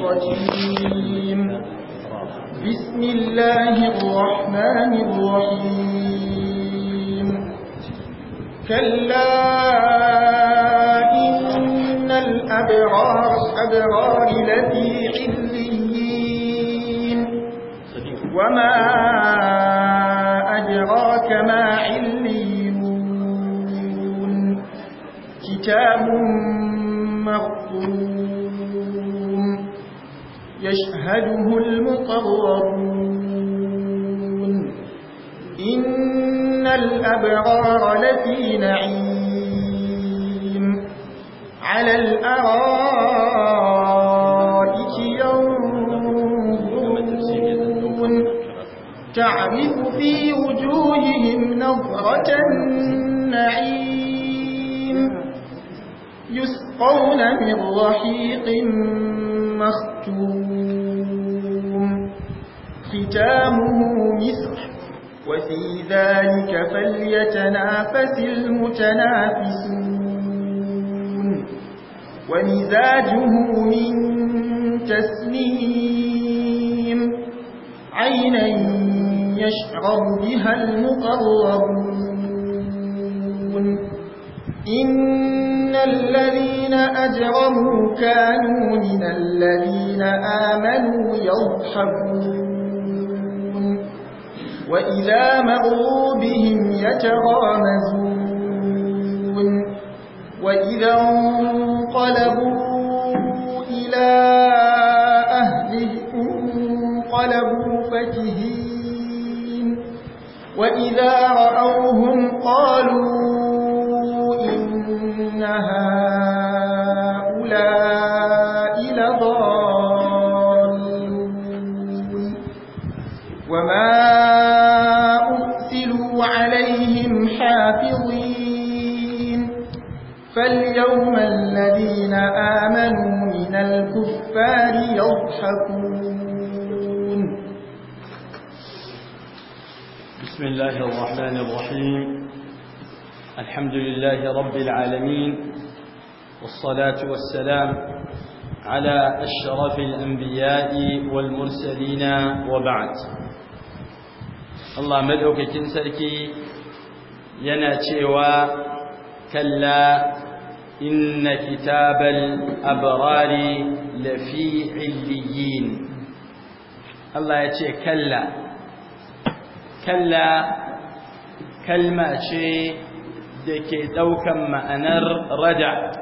الرجيم بسم الله الرحمن الرحيم كلا إن الأبرار أبرار لفي عليين وما أدراك ما عليون كتاب يشهده المقربون إن الأبرار لفي نعيم على الأرائك ينظرون تعرف في وجوههم نظرة النعيم يسقون من رحيق مختوم ختامه مسح وفي ذلك فليتنافس المتنافسون ومزاجه من تسليم عينا يشعر بها المقربون إن الذين أجرموا كانوا من الذين آمنوا يضحكون وإذا مروا بهم يتغامزون وإذا انقلبوا إلى أهلهم انقلبوا فكهين وإذا رأوا الله الرحمن الرحيم الحمد لله رب العالمين والصلاة والسلام على الشرف الأنبياء والمرسلين وبعد الله مدعوك كنسركي يناتشيوا كلا إن كتاب الأبرار لفي عليين الله ya كلا كلا kalma ce da ke ɗaukan ma'anar rada,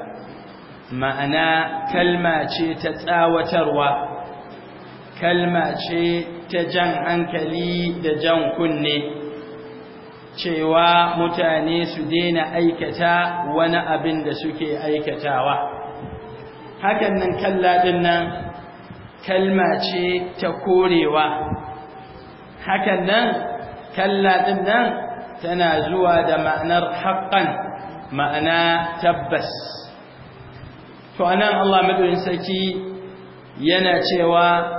ma'ana kalma ce ta tsawatarwa kalma ce ta jan hankali da jan kunne cewa mutane su daina aikata wani abin da suke aikatawa hakan kalladin nan kalma ce ta korewa Hakanan nan kalladin nan تنازوا دم أنر حقا ما تبس فأنا الله مدعو إنسكي يناتيوا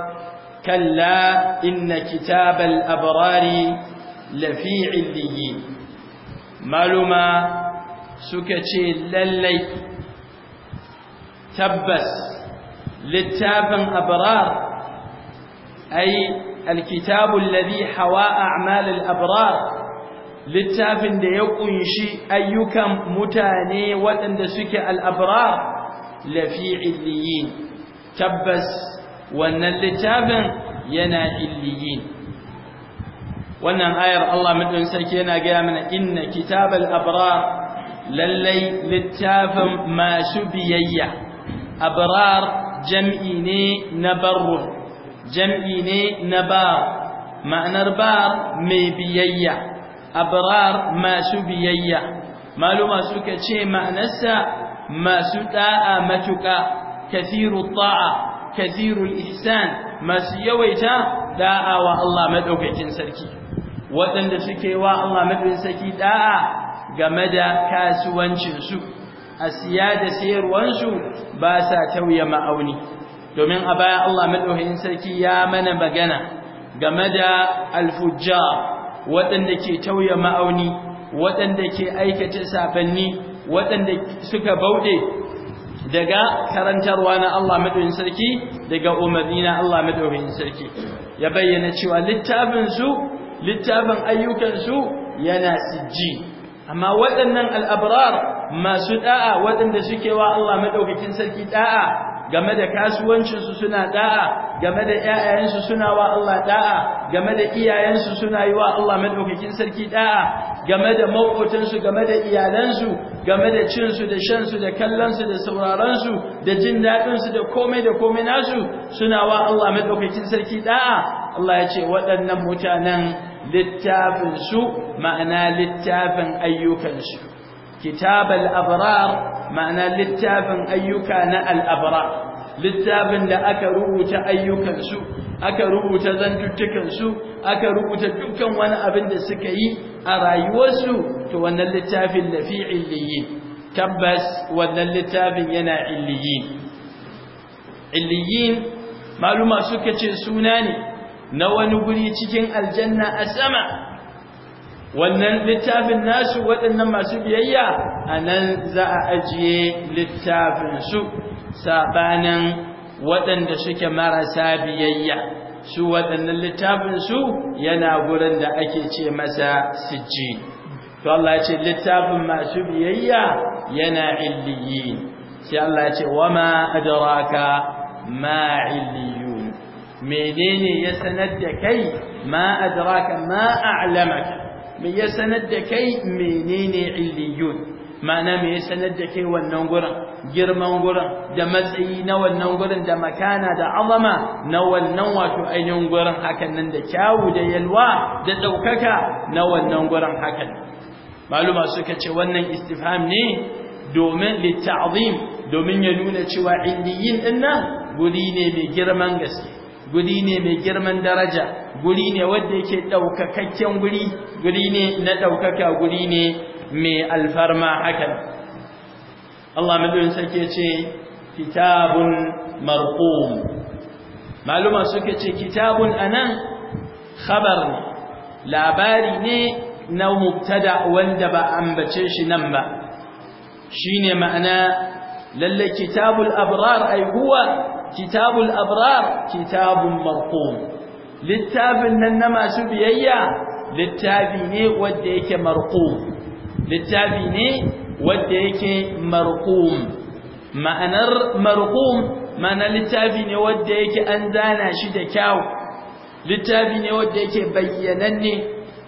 كلا إن كتاب الأبرار لفي عليين معلومة سكتي للي تبس للتاب أبرار الأبرار أي الكتاب الذي حوى أعمال الأبرار littafin da ya kunshi ayyukan mutane waɗanda suke al'abrar lafi illiyin tabbas wannan littafin yana illiyin wannan ayar Allah mutum sarki yana gaya mana inna kitabar abrar lallai littafin masu biyayya abrar jam'i ne na barru jam'i ne na bar ma'anar bar mai biyayya abrar masu biyayya maluma suka ce ma'anarsa masu ɗa'a matuka kathiru ta'a kathiru ihsan masu yawaita da'a wa Allah madaukakin sarki waɗanda suke wa Allah madaukakin sarki da'a game da kasuwancinsu a siya da sayarwarsu ba sa tauye ma'auni domin a baya Allah madaukakin sarki ya mana magana game da alfujjar waɗanda ke tauye ma'auni waɗanda ke aikata sabanni waɗanda suka bauɗe daga karantarwa na Allah madaukakin sarki daga umarni na Allah madaukakin sarki ya bayyana cewa littafin su littafin ayyukan su yana sijji amma waɗannan al'abrar masu da'a waɗanda suke wa Allah madaukakin sarki da'a game da kasuwancinsu suna da'a game da ƴaƴayensu suna wa Allah da'a game da iyayensu suna yi wa Allah madaukakin sarki da'a game da maƙotansu game da iyalansu game da cinsu da shansu da kallonsu da sauraronsu da jin daɗinsu da komai da komai nasu suna wa Allah madaukakin sarki da'a Allah ya ce waɗannan mutanen littafinsu ma'ana littafin ayyukansu Kitabal al ma'ana littafin ayyuka na al littafin da aka rubuta ayyukansu, aka rubuta zantuttukan su aka rubuta dukkan wani abin da suka yi a rayuwarsu to wannan littafin lafi illiyin tabbas wannan littafin yana illiyin illiyin maluma suka ce suna ne na wani guri cikin aljanna a sama wannan littafin nasu waɗannan masu biyayya a nan za a ajiye littafinsu saɓanin waɗanda suke marasa biyayya su waɗannan littafinsu yana gurin da ake ce masa sijji to Allah ce littafin masu biyayya yana illiyi sai Allah ce wama adraka ma illiyun menene ya sanar da kai ma adraka ma a'lamaka me ya sanar da kai menene illiyun ma'ana me ya sanar da kai wannan gurin girman gurin da matsayi na wannan gurin da makana da azama na wannan wato ainihin gurin hakan nan da kyawu da yalwa da ɗaukaka na wannan gurin hakan maluma suka ce wannan istifham ne domin litta'zim domin ya nuna cewa indiyin dinnan guri ne mai girman gaske guri ne mai girman daraja guri ne wanda yake daukakakken guri guri ne na daukaka guri ne mai alfarma hakan Allah madaukakin sarki ce kitabun marqum maluma suke ce kitabun anan khabar labari ne na mubtada wanda ba ambace shi nan ba shine ma'ana lalle kitabul abrar ai huwa kitabul abrar kitabun marqum littafin nan na masu biyayya littafi ne wanda yake marqum littafi ne wanda yake marqum ma'anar marqum ma'ana littafi ne wanda yake an zana shi da kyau littafi ne wanda yake bayyananne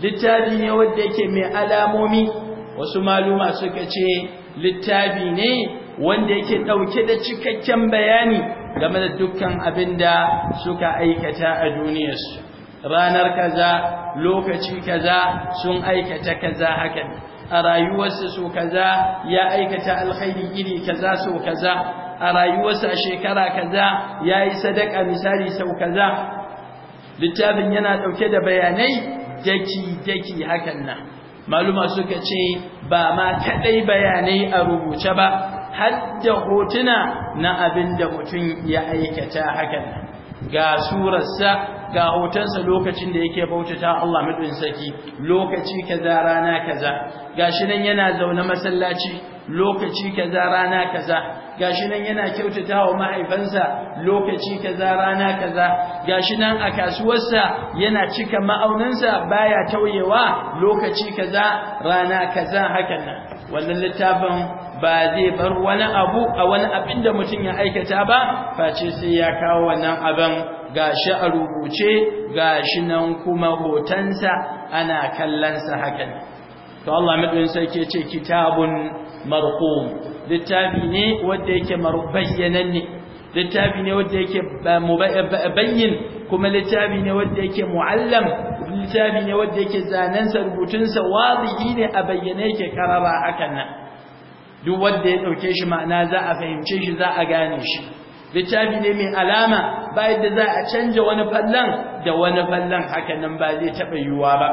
littafi ne wanda yake mai alamomi wasu maluma suka ce littafi ne wanda yake ɗauke da cikakken bayani game da dukkan abin da suka aikata a duniyarsu ranar kaza lokaci kaza sun aikata kaza haka a rayuwarsu su kaza ya aikata alkhairi iri kaza su kaza a rayuwarsu a shekara kaza ya yi sadaka misali sau kaza littafin yana ɗauke da bayanai daki-daki hakan nan maluma suka ce ba ma kaɗai bayanai a rubuce ba hadda hotuna na abin da mutum ya aikata hakan ga surarsa ga hotonsa lokacin da yake bautata Allah mutum saki lokaci kaza rana kaza gashi nan yana zaune masallaci lokaci kaza rana kaza gashi nan yana kyautata wa mahaifansa lokaci kaza rana kaza gashi nan a kasuwarsa yana cika ma'auninsa baya tauyewa lokaci kaza rana kaza hakan nan wannan littafin ba zai bar wani abu a wani abin da mutum ya aikata ba face sai ya kawo wannan abin gashi a rubuce gashi nan kuma hotonsa ana kallonsa hakan to Allah madin sai ke ce kitabun marqum littafi ne wanda yake ne littafi ne wanda yake bayyin kuma littafi ne wanda yake muallam littafi ne wanda yake zanensa rubutunsa wazihi ne a bayyane yake karara hakan nan duk wanda ya dauke shi ma'ana za a fahimce shi za a gane shi littafi ne mai alama ba yadda za a canja wani fallan da wani fallan hakan nan ba zai taba yiwuwa ba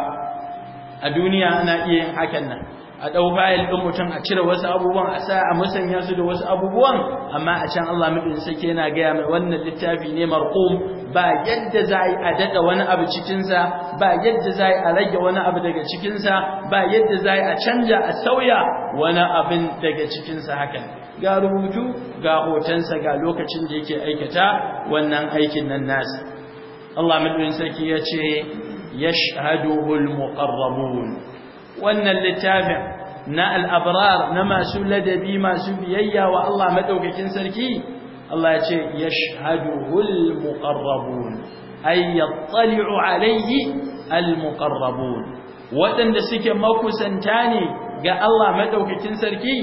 a duniya ana iya yin hakan nan a ɗau fayil ɗin mutum a cire wasu abubuwan a sa a musanya su da wasu abubuwan amma a can Allah mutum sake yana gaya mai wannan littafi ne marqum ba yadda za a daɗa wani abu cikinsa ba yadda za a rage wani abu daga cikinsa ba yadda za a canja a sauya wani abin daga cikinsa hakan ga rubutu ga hotonsa ga lokacin da yake aikata wannan aikin nan nasu Allah mutum sake ya ce yashhaduhu muqarrabun wannan littafin na al'abrar na masu ladabi masu biyayya wa Allah madaukakin sarki Allah ya ce yashhaduhul muqarrabun ya yattali'u alayhi al waɗanda suke makusanta ne ga Allah madaukakin sarki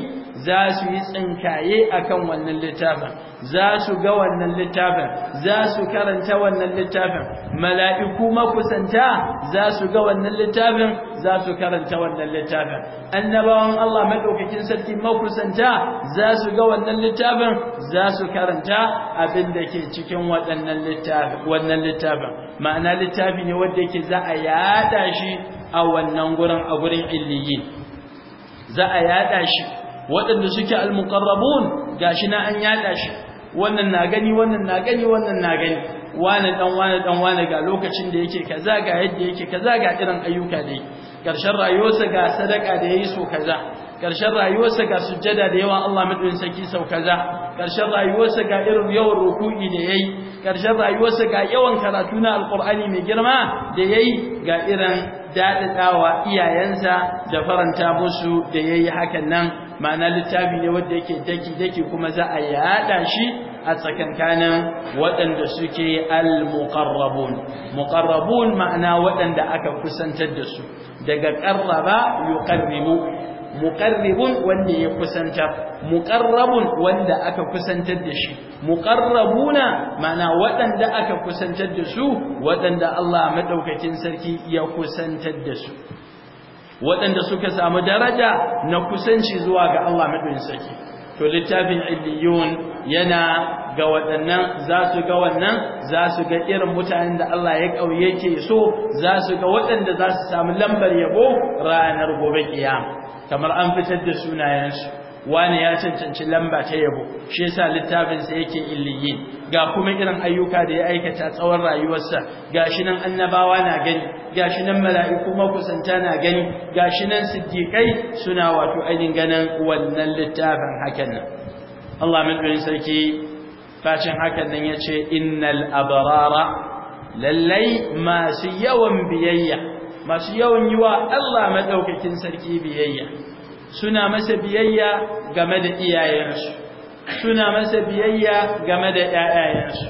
za su yi tsinkaye akan wannan littafin za su ga wannan littafin za su karanta wannan littafin mala'iku makusanta za su ga wannan littafin za su karanta wannan littafin annabawan Allah maɗaukakin sarki makusanta za su ga wannan littafin za su karanta abin da ke cikin wannan littafin ma'ana littafi ne wadda ke za a yada shi a wannan gurin a gurin illiyin za a yada shi waɗanda suke al-muqarrabun gashi na an yada shi wannan na gani wannan na gani wannan na gani wani dan wani dan wani ga lokacin da yake kaza ga yadda yake kaza ga irin ayyuka dai. yake karshen rayuwarsa ga sadaka da yayi so kaza karshen rayuwarsa ga sujjada da yawan Allah madaukakin saki sau kaza karshen rayuwarsa ga irin yawan ruku'i da yayi karshen rayuwarsa ga yawan karatu na alqur'ani mai girma da yayi ga irin dadadawa iyayensa da faranta musu da yayi hakan nan ma'ana littafi ne wanda yake daki daki kuma za a yada shi a tsakankanin waɗanda suke al-muqarrabun muqarrabun ma'ana waɗanda aka kusantar da su daga qarraba yuqarribu muqarribun wanda ya kusanta muqarrabun wanda aka kusantar da shi muqarrabuna ma'ana waɗanda aka kusantar da su waɗanda Allah madaukakin sarki ya kusantar da su waɗanda suka samu daraja na kusanci zuwa ga Allah madaukakin sarki to littafin illiyun yana ga waɗannan za su ga wannan za su ga irin mutanen da Allah ya kauye ke so za su ga waɗanda za su samu lambar yabo ranar gobe kiyama kamar an fitar da sunayensu wani ya cancanci lamba ta yabo shi yasa littafinsa yake illiyin ga kuma irin ayyuka da ya aikata tsawon rayuwarsa gashi nan annabawa na gani gashi nan mala'iku makusanta na gani gashi nan siddiqai suna wato ainihin ganin wannan littafin hakan nan Allah madaukakin sarki facin hakan nan yace innal abrara lallai masu yawan biyayya masu yawan yiwa Allah madaukakin sarki biyayya suna masa biyayya game da iyayensu suna masa biyayya game da ƴaƴayensu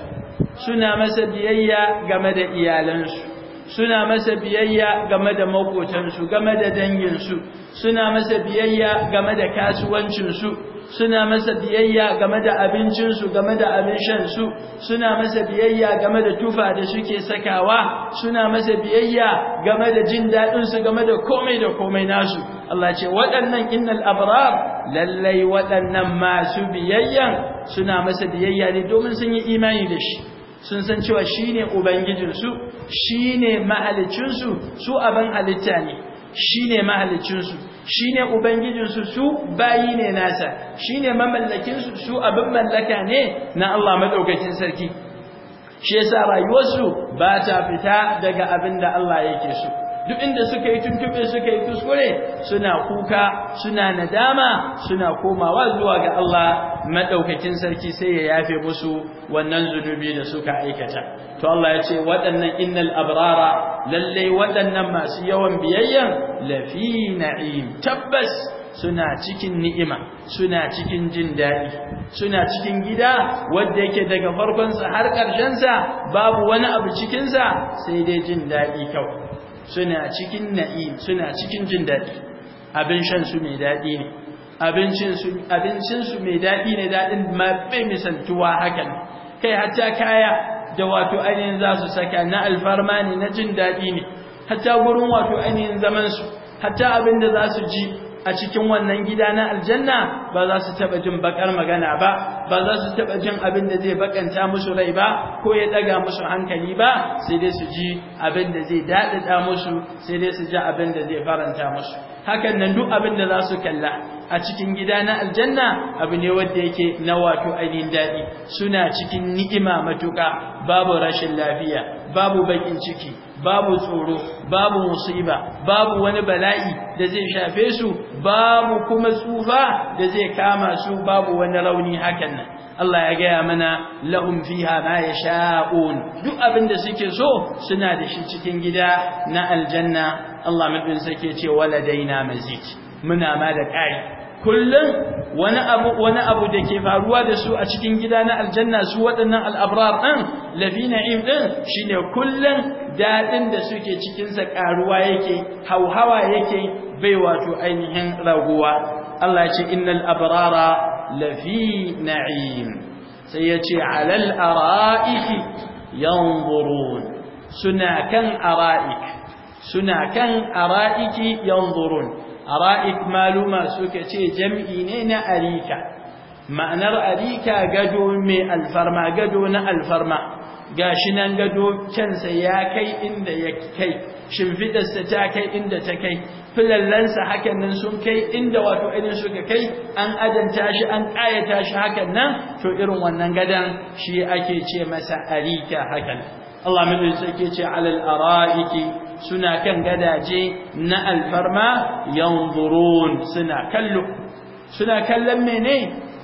suna masa biyayya game da iyalansu suna masa biyayya game da makotansu game da danginsu suna masa biyayya game da kasuwancinsu suna masa biyayya game da abincinsu game da abin shansu suna masa biyayya game da tufa da suke sakawa suna masa biyayya game da jin daɗinsu game da komai da komai nasu Allah ce waɗannan innal abrar lallai waɗannan masu biyayyan suna masa biyayya ne domin sun yi imani da shi sun san cewa shine ubangijinsu shine mahalicinsu su abin halitta ne shine mahalicinsu shine ubangijinsu su bayi ne nasa shine mamallakinsu su abin mallaka ne na Allah maɗaukacin sarki shi yasa rayuwarsu ba ta fita daga abin da Allah yake su. duk inda suka yi tuntube suka yi kuskure suna kuka suna nadama suna komawa zuwa ga Allah madaukakin sarki sai ya yafe musu wannan zunubi da suka aikata to Allah ya ce waɗannan innal abrara lalle waɗannan masu yawan biyayyan lafi na'im tabbas suna cikin ni'ima suna cikin jin daɗi suna cikin gida wanda yake daga farkonsa har sa, babu wani abu cikinsa sai dai jin daɗi kawai suna cikin na'im suna cikin jin daɗi abin shan su mai daɗi ne abincin su mai daɗi ne daɗin ma bai misaltuwa hakan kai hatta kaya da wato ainihin za su saka na alfarma ne na jin daɗi ne hatta gurin wato ainihin zaman su hatta abin da za su ji a cikin wannan gida na aljanna ba za su taba jin bakar magana ba ba za su taba jin abin da zai bakanta musu rai ba ko ya daga musu hankali ba sai dai su ji abin da zai dadada musu sai dai su ji abin da zai faranta musu hakan nan duk abin da za su kalla a cikin gida na aljanna abu ne wanda yake na wato ainihin daɗi suna cikin ni'ima matuƙa babu rashin lafiya babu bakin ciki babu tsoro babu musiba babu wani bala'i da zai shafe su babu kuma tsufa da zai kama su babu wani rauni hakan nan Allah ya gaya mana lahum fiha ma yasha'un duk abin da suke so suna da shi cikin gida na aljanna Allah madin sake ce waladaina mazid muna ma da kai kullum wani abu wani abu da ke faruwa da su a cikin gida na aljanna su waɗannan al'abrar ɗin lafi na'im ɗin shine kullun kullum daɗin da suke cikinsa ƙaruwa yake hauhawa yake bai wato ainihin raguwa Allah ce innal abrara lafi na'im sai ya ce alal ara'iki yanzurun suna kan ara'ik suna kan ara'iki yanzurun ara'ik maluma suka ce jam'i ne na arika ma'anar arika gado mai alfarma gado na alfarma gashi nan gado kansa ya kai inda ya kai shimfidarsa ta kai inda ta kai filallansa hakan nan sun kai inda wato irin suka kai an adanta shi an ƙayata shi hakan nan to irin wannan gadan shi ake ce masa arika hakan Allah mai sarki ce alal araiki suna kan gadaje na alfarma yanzurun suna kallo suna kallon mene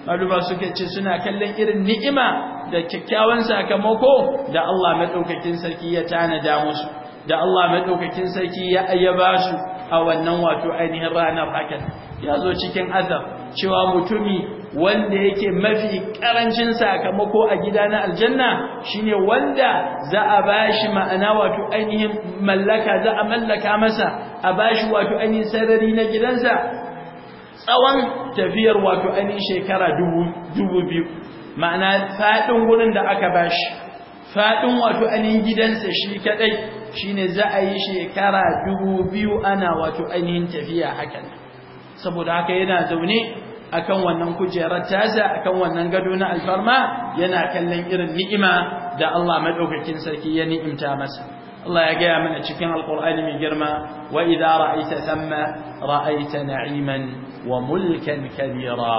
maluba suka ce suna kallon irin ni'ima da kyakkyawan sakamako da Allah madaukakin sarki ya tanada musu da Allah madaukakin sarki ya ayyaba su a wannan wato ainihin ranar hakan ya zo cikin azab cewa mutumi wanda yake mafi karancin sakamako a gida na aljanna shine wanda za a bashi ma'ana wato ainihin mallaka za a mallaka masa a bashi wato ainihin sarari na gidansa tsawon tafiyar wato ainihin shekara dubu biyu ma'ana faɗin wurin da aka bashi faɗin wato ainihin gidansa shi kaɗai shine za a yi shekara dubu biyu ana wato ainihin tafiya hakan saboda haka yana zaune akan wannan kujerar tasa akan wannan gado na alfarma yana kallon irin ni'ima da Allah madaukakin sarki ya ni'imta masa Allah ya gaya mana cikin alqur'ani mai girma wa idza ra'aita thamma ra'aita na'iman wa mulkan kabira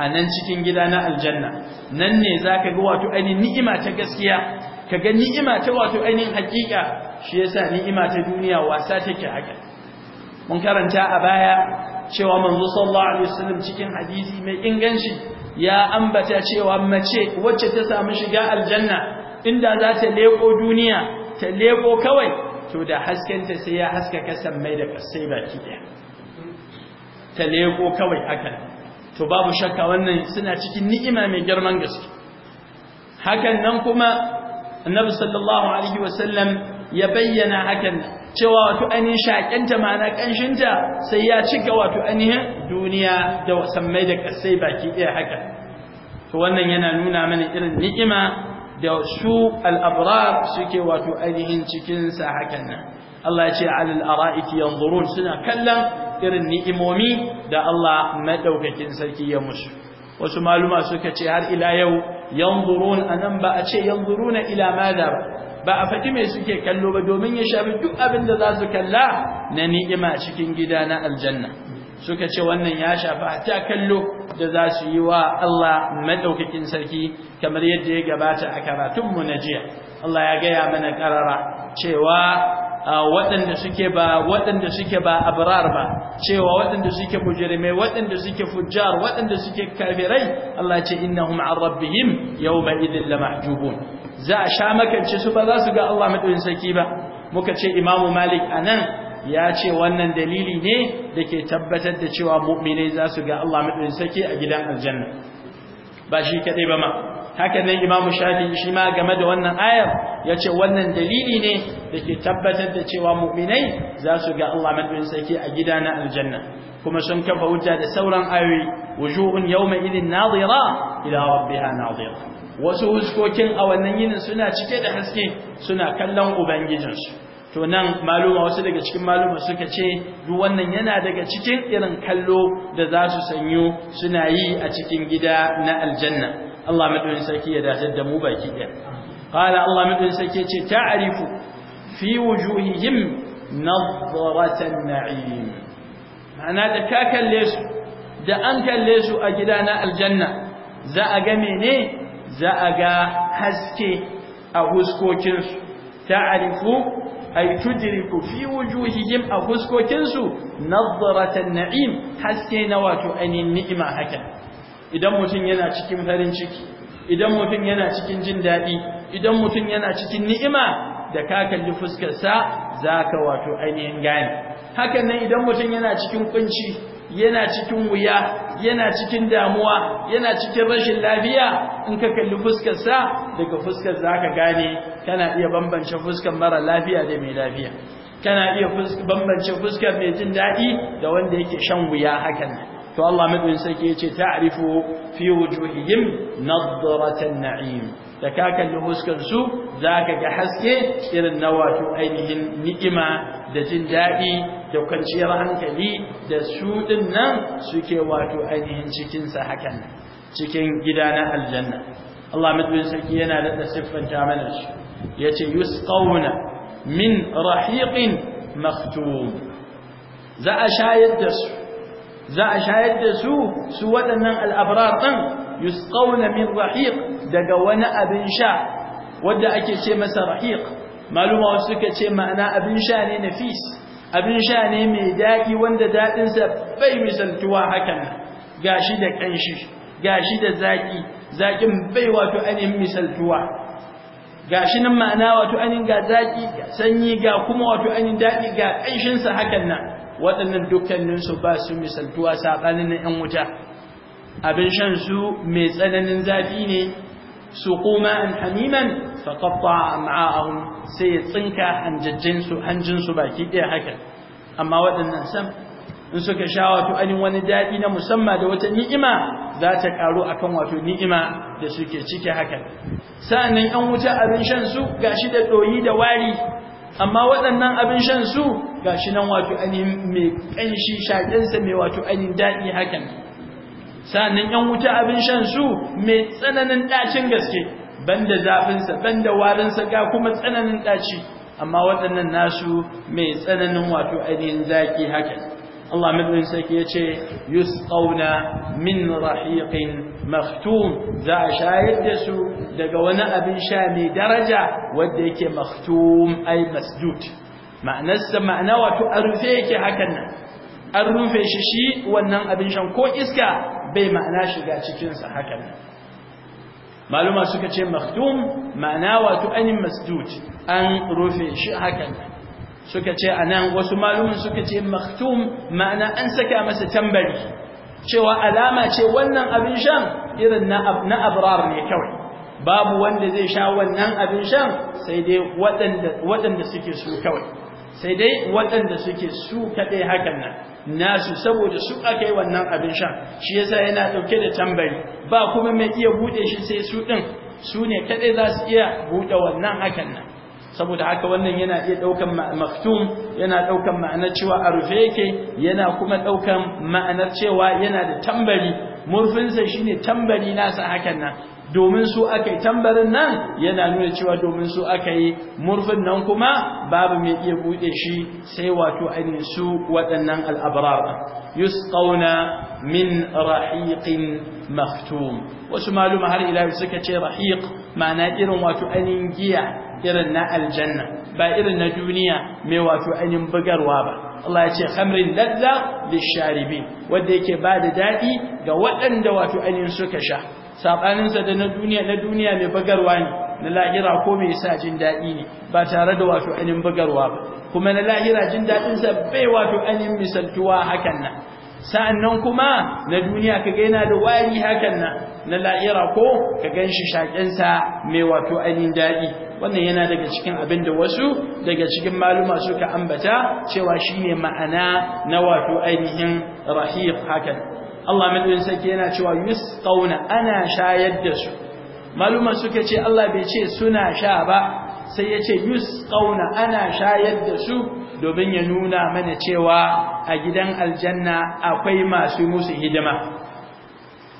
anan cikin gida na aljanna nan ne zaka ga wato ainihin ni'ima ta gaskiya Ka ni'ima ta wato ainihin hakika shi yasa ni'ima ta duniya wasa take haka mun karanta a baya cewa manzo sallallahu alaihi wasallam cikin hadisi mai inganci ya ambata cewa mace wacce ta samu shiga aljanna inda za ta leko duniya ta leko kawai to da haskenta sai ya haskaka sammai da kasai baki daya ta leko kawai haka to babu shakka wannan suna cikin ni'ima mai girman gaske hakan nan kuma annabi sallallahu alaihi wasallam ya bayyana hakan cewa wato ainihin shakenta ma'ana kanshinta sai ya cika wato ainihin duniya da sammai da kasai baki ɗaya haka to wannan yana nuna mana irin ni'ima da su al-abrar suke wato ainihin cikin sa hakan nan Allah ya ce alal ara'iki yanzurun suna kallon irin ni'imomi da Allah madaukakin sarki ya musu wasu maluma suka ce har ila yau yanzurun anan ba a ce yanzuruna ila madar ba a faɗi mai suke kallo ba domin ya shafi duk abin da za su kalla na ni'ima cikin gida na aljanna suka ce wannan ya shafi a kallo da za su yi wa Allah maɗaukakin sarki kamar yadda ya gabata a karatunmu na jiya Allah ya gaya mana karara cewa waɗanda suke ba waɗanda suke ba abrar ba cewa waɗanda suke mujrimai waɗanda suke fujjar waɗanda suke kafirai Allah ce innahum an rabbihim yawma idhil lamahjubun za a sha makance su ba za su ga Allah madaukakin sarki ba muka ce Imam Malik a nan ya ce wannan dalili ne ke tabbatar da cewa mu'mine za su ga Allah madaukakin sarki a gidan aljanna ba shi kadai ba ma haka nan Imam Shafi shi ma game da wannan ayar ya ce wannan dalili ne da ke tabbatar da cewa mu'minai za su ga Allah madaukakin sarki a gidana aljanna kuma sun kafa hujja da sauran ayoyi wujuhun yawma idhin nadira ila rabbiha nadira wasu huskokin a wannan yinin suna cike da haske suna kallon ubangijinsu to nan maluma wasu daga cikin maluma suka ce duk wannan yana daga cikin irin kallo da za su sanyo suna yi a cikin gida na aljanna Allah madaukakin sarki ya dace da mu baki ɗaya qala Allah madaukakin sarki ce ta'rifu fi wujuhihim nadratan na'im ana da ka kalle su da an kalle su a gida na aljanna za a ga mene za a ga haske a huskokinsu ta'arifu ay tudriku fi wujuhihim a huskokinsu nadratan na'im haske na wato ainihin ni'ima haka idan mutum yana cikin farin ciki idan mutum yana cikin jin daɗi idan mutum yana cikin ni'ima da ka kalli fuskarsa za ka wato ainihin gane hakan nan idan mutum yana cikin kunci yana cikin wuya yana cikin damuwa yana cikin rashin lafiya in ka kalli fuskar sa daga fuskar zaka gane kana iya bambance fuskar mara lafiya da mai lafiya kana iya bambance fuskar mai jin daɗi da wanda yake shan wuya hakan to Allah madin sarki yace ta'rifu fi wujuhihim nadratan na'im da ka kalli fuskar su zaka ga haske irin na wato ainihin ni'ima da jin dadi da kwanciyar hankali da su din nan suke wato ainihin cikinsa hakan cikin gida na aljanna Allah madubin sarki yana da siffanta mana shi ce yusqawna min rahiqin maktum za a shayar da su za a shayar da su su waɗannan al'abrar ɗin yusqawna min rahiq daga wani abin sha wanda ake ce masa rahiq maluma wasu suka ce ma'ana abin sha ne nafis abin sha ne mai daɗi wanda daɗinsa bai misaltuwa hakan gashi da ƙanshi gashi da zaƙi zaƙin bai wato ainihin misaltuwa gashi nan ma'ana wato ainihin ga zaƙi sanyi ga kuma wato ainihin daɗi ga ƙanshinsa hakan nan waɗannan dukkaninsu ba su misaltuwa saɓanin 'yan wuta abin shan su mai tsananin zafi ne سقوماء حميما فقطع ya tsinka hanjinsu baki ɗaya هكا Amma ودنا سم in suka sha wato wani daɗi na musamma da wata ni'ima za ta ƙaru a kan wato ni'ima da suke ciki haka sanan ‘yan wuta abin shan su gashi da ɗoyi da wari amma waɗannan abin shan su gashi nan wato ainihin mai ƙanshi shaƙensa mai wato ainihin daɗi hakan Sanin yan wuta abin shan su mai tsananin dacin gaske banda zafinsa banda warin sa ga kuma tsananin daci amma waɗannan nasu mai tsananin wato ainihin zaki haka Allah madaukin sarki yace yusqauna min rahiqin makhtum za a shayar da su daga wani abin sha mai daraja wanda yake makhtum ai masdud ma'anarsa ma'ana wato an rufe yake hakan nan an rufe shi shi wannan abin shan ko iska bai ma'ana shiga cikinsa haka ne maluma suka ce maktum ma'ana wato anin masdud an rufe shi haka ne suka ce anan wasu malumin suka ce maktum ma'ana an saka masa tambari cewa alama ce wannan abin shan irin na abrar ne kawai babu wanda zai sha wannan abin shan sai dai waɗanda suke su kawai sai dai waɗanda suke su kaɗai hakan nan nasu saboda su aka yi wannan abin sha shi yasa yana dauke da tambari ba kuma mai iya bude shi sai su din su ne kadai za su iya bude wannan hakan nan saboda haka wannan yana iya daukan maktum yana daukan ma'anar cewa a rufe yake yana kuma daukan ma'anar cewa yana da tambari murfinsa shine tambari nasa hakan nan domin su aka yi tambarin nan yana nuna cewa domin su aka yi murfin nan kuma babu mai iya buɗe shi sai wato ainihin su waɗannan al'abrar yusqauna min rahiqin maktum wasu maluma har ila suka ce rahiq ma'ana irin wato ainihin giya irin na aljanna ba irin na duniya mai wato ainihin bugarwa ba Allah ya ce khamrin ladda lisharibin wanda yake ba da daɗi ga waɗanda wato ainihin suka sha sabaninsa da na duniya na duniya mai bagarwa ne na lahira ko mai sa jin daɗi ne ba tare da wato ainin bagarwa ba kuma na lahira jin daɗinsa bai wato ainin misaltuwa hakan nan sa'annan kuma na duniya ga yana da wani hakan nan na lahira ko ka ganshi shakensa mai wato ainin daɗi wannan yana daga cikin abin da wasu daga cikin maluma suka ambata cewa shine ma'ana na wato ainihin rahiq hakan Allah madaukakin sarki yana cewa yusqauna ana shayar da su maluma suka ce Allah bai ce suna sha ba sai yace ce yusqauna ana shayar da su domin ya nuna mana cewa a gidan aljanna akwai masu musu hidima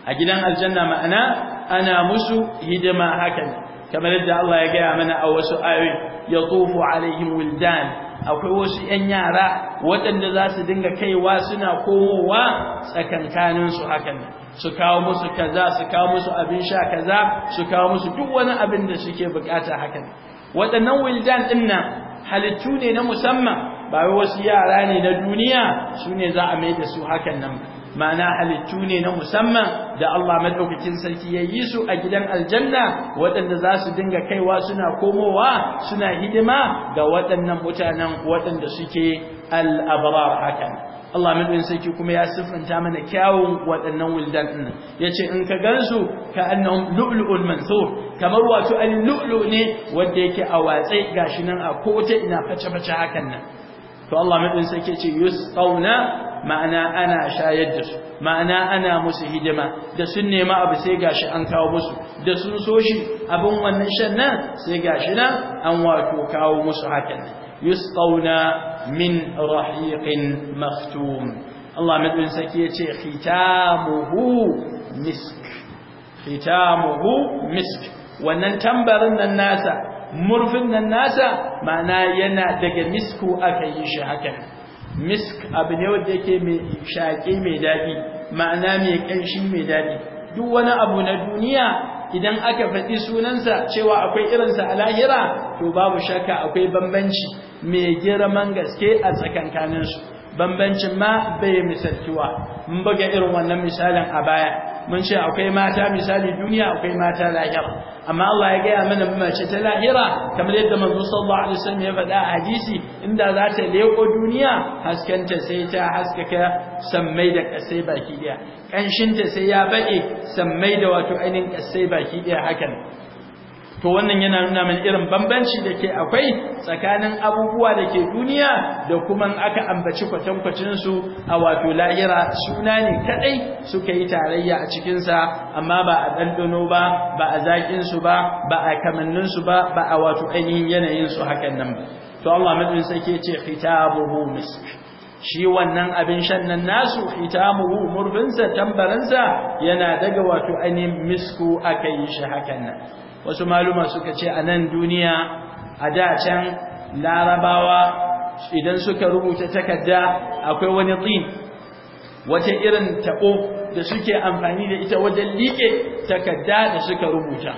a gidan aljanna ma'ana ana musu hidima hakan kamar yadda Allah ya gaya mana a wasu ayoyi yatufu alaihim wildan akwai wasu yan yara waɗanda za su dinga kaiwa suna kowowa tsakankaninsu su hakan su kawo musu kaza su kawo musu abin sha kaza su kawo musu duk wani abin da suke bukata hakan waɗannan wildan din nan halittu ne na musamman ba wasu yara ne na duniya su ne za a mai da su hakan nan ma'ana halittu ne na musamman da Allah madaukakin sarki ya yi su a gidan aljanna waɗanda za su dinga kaiwa suna komowa suna hidima ga waɗannan mutanen waɗanda suke al haka Allah madaukakin sarki kuma ya siffanta mana kyawun waɗannan wildan ɗin yace in ka gansu ka annahum lu'lu'ul mansur kamar wato an lu'lu ne wanda yake a watse gashi nan a ko ina face face hakan nan to Allah madaukakin sarki yace yusqauna ma'ana ana shayar da su ma'ana ana musu hidima da sun nema abu sai gashi an kawo musu da sun so shi abin wannan shan nan sai gashi nan an wato kawo musu hakan yusqauna min rahiqin maftum Allah madin saki yace khitamuhu misk khitamuhu misk wannan tambarin nan nasa murfin nan nasa ma'ana yana daga misku aka yi shi hakan misk abu ne wanda yake mai shaƙi mai daɗi ma'ana mai ƙanshi mai daɗi duk wani abu na duniya idan aka faɗi sunansa cewa akwai irinsa a lahira to babu shakka akwai bambanci mai girman gaske a tsakankaninsu bambancin ma bai misaltuwa mun buga irin wannan misalin a baya mun ce akwai mata misali duniya akwai mata lahira amma Allah ya gaya mana mace ta lahira kamar yadda manzo sallallahu alaihi wasallam ya faɗa a hadisi inda za ta leƙo duniya haskenta sai ta haskaka sammai da kasai baki daya kanshin sai ya baƙe sammai da wato ainin kasai baki daya hakan to wannan yana nuna mana irin bambanci da ke akwai tsakanin abubuwa da ke duniya da kuma aka ambaci kwatankwacin su a wato lahira suna ne kaɗai suka yi tarayya a cikin sa amma ba a ɗanɗano ba ba a zaƙinsu su ba ba a kamanninsu ba ba a wato ainihin yanayin su hakan nan ba to Allah madin sai ke ce khitabuhu misk shi wannan abin shan nan nasu hitamuhu murbinsa tambarinsa yana daga wato ainihin misku aka yi shi hakan nan wasu maluma suka ce a nan duniya a da can larabawa idan suka rubuta takarda akwai wani tsin wata irin tabo da suke amfani da ita wajen liƙe takarda da suka rubuta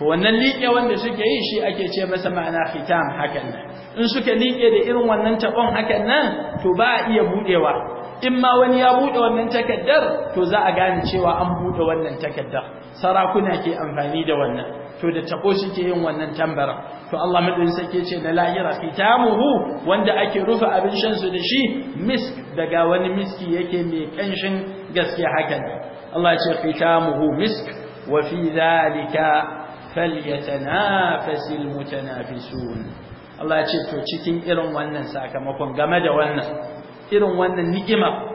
wannan liƙe wanda suke yi shi ake ce masa ma'ana khitam hakan nan in suka liƙe da irin wannan tabon hakan nan to ba a iya buɗewa. in ma wani ya buɗe wannan takaddar to za a gane cewa an buɗe wannan takaddar sarakuna ke amfani da wannan to da tako suke yin wannan tambara to Allah madin sake ce na lahira fitamuhu wanda ake rufe abin shan su da shi misk daga wani miski yake mai kanshin gaske hakan Allah ya ce fitamuhu misk wa fi zalika falyatanafasil mutanafisun Allah ce to cikin irin wannan sakamakon game da wannan irin wannan ni'ima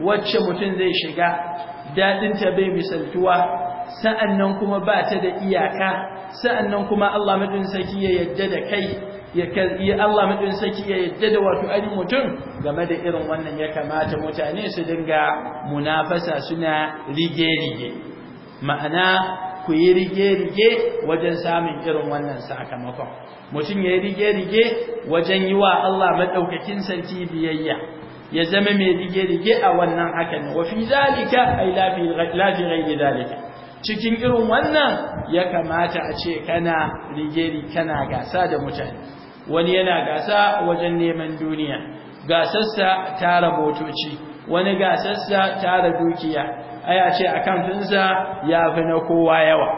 wacce mutum zai shiga dadin ta bai misaltuwa sa'annan kuma ba ta da iyaka sa'annan kuma Allah madin saki ya yadda da kai Allah madin saki ya yadda da wato ainihin mutum game da irin wannan ya kamata mutane su dinga munafasa suna rige rige ma'ana ku yi rige rige wajen samun irin wannan sakamakon mutum ya yi rige rige wajen yi wa Allah madaukakin sarki biyayya ya zama mai rige rige a wannan hakan wa fi zalika ai lafi lafi la zalika cikin irin wannan ya kamata a ce kana rigeri kana gasa da mutane wani yana gasa wajen neman duniya gasarsa tara motoci wani gasarsa tara dukiya aya ce tunsa ya fi na kowa yawa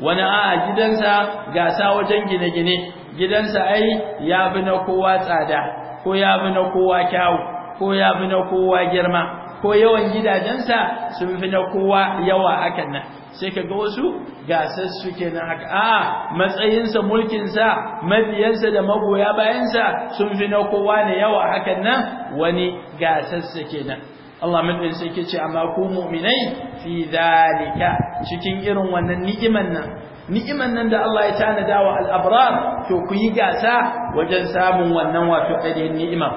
wani a gidansa gasa wajen gine-gine gidansa ai ya fi na kowa tsada ko ya fi na kowa kyawu ko ya fi na kowa girma ko yawan gidajensa sun fi na kowa yawa akan nan sai kaga wasu suke kenan haka a matsayinsa mulkinsa mabiyansa da magoya bayansa sun fi na kowa ne yawa hakan nan wani gasassa kenan Allah madin sai ke ce amma ku mu'minai fi zalika cikin irin wannan ni'iman nan ni'iman nan da Allah ya tanada wa al-abrar to ku yi gasa wajen samun wannan wato ainihin ni'ima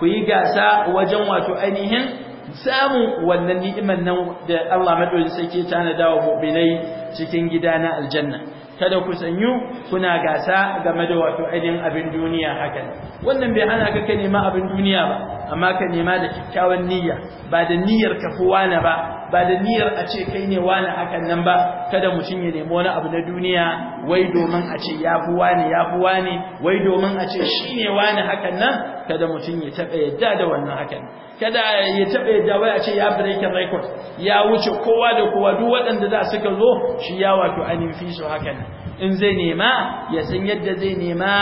ku yi gasa wajen wato ainihin samun wannan ni'imar nan da Allah madaukakin sarki tana tanada wa mu'minai cikin gida na aljanna kada ku sanyu kuna gasa game da wato ainihin abin duniya hakan wannan bai hana ka ka nema abin duniya ba amma ka nema da kyakkyawan niyya ba da niyyar ka fi wani ba ba da niyyar a ce kai ne wani hakan nan ba kada mutum ya nemi wani abu na duniya wai domin a ce ya fi wani ya fi wani wai domin a ce shi ne wani hakan nan kada mutum ya taɓa yadda da wannan hakan kada ya taɓa yadda wai a ce ya breaking record ya wuce kowa da kowa duk waɗanda za suka zo shi ya wato ainihin su haka ne in zai nema ya san yadda zai nema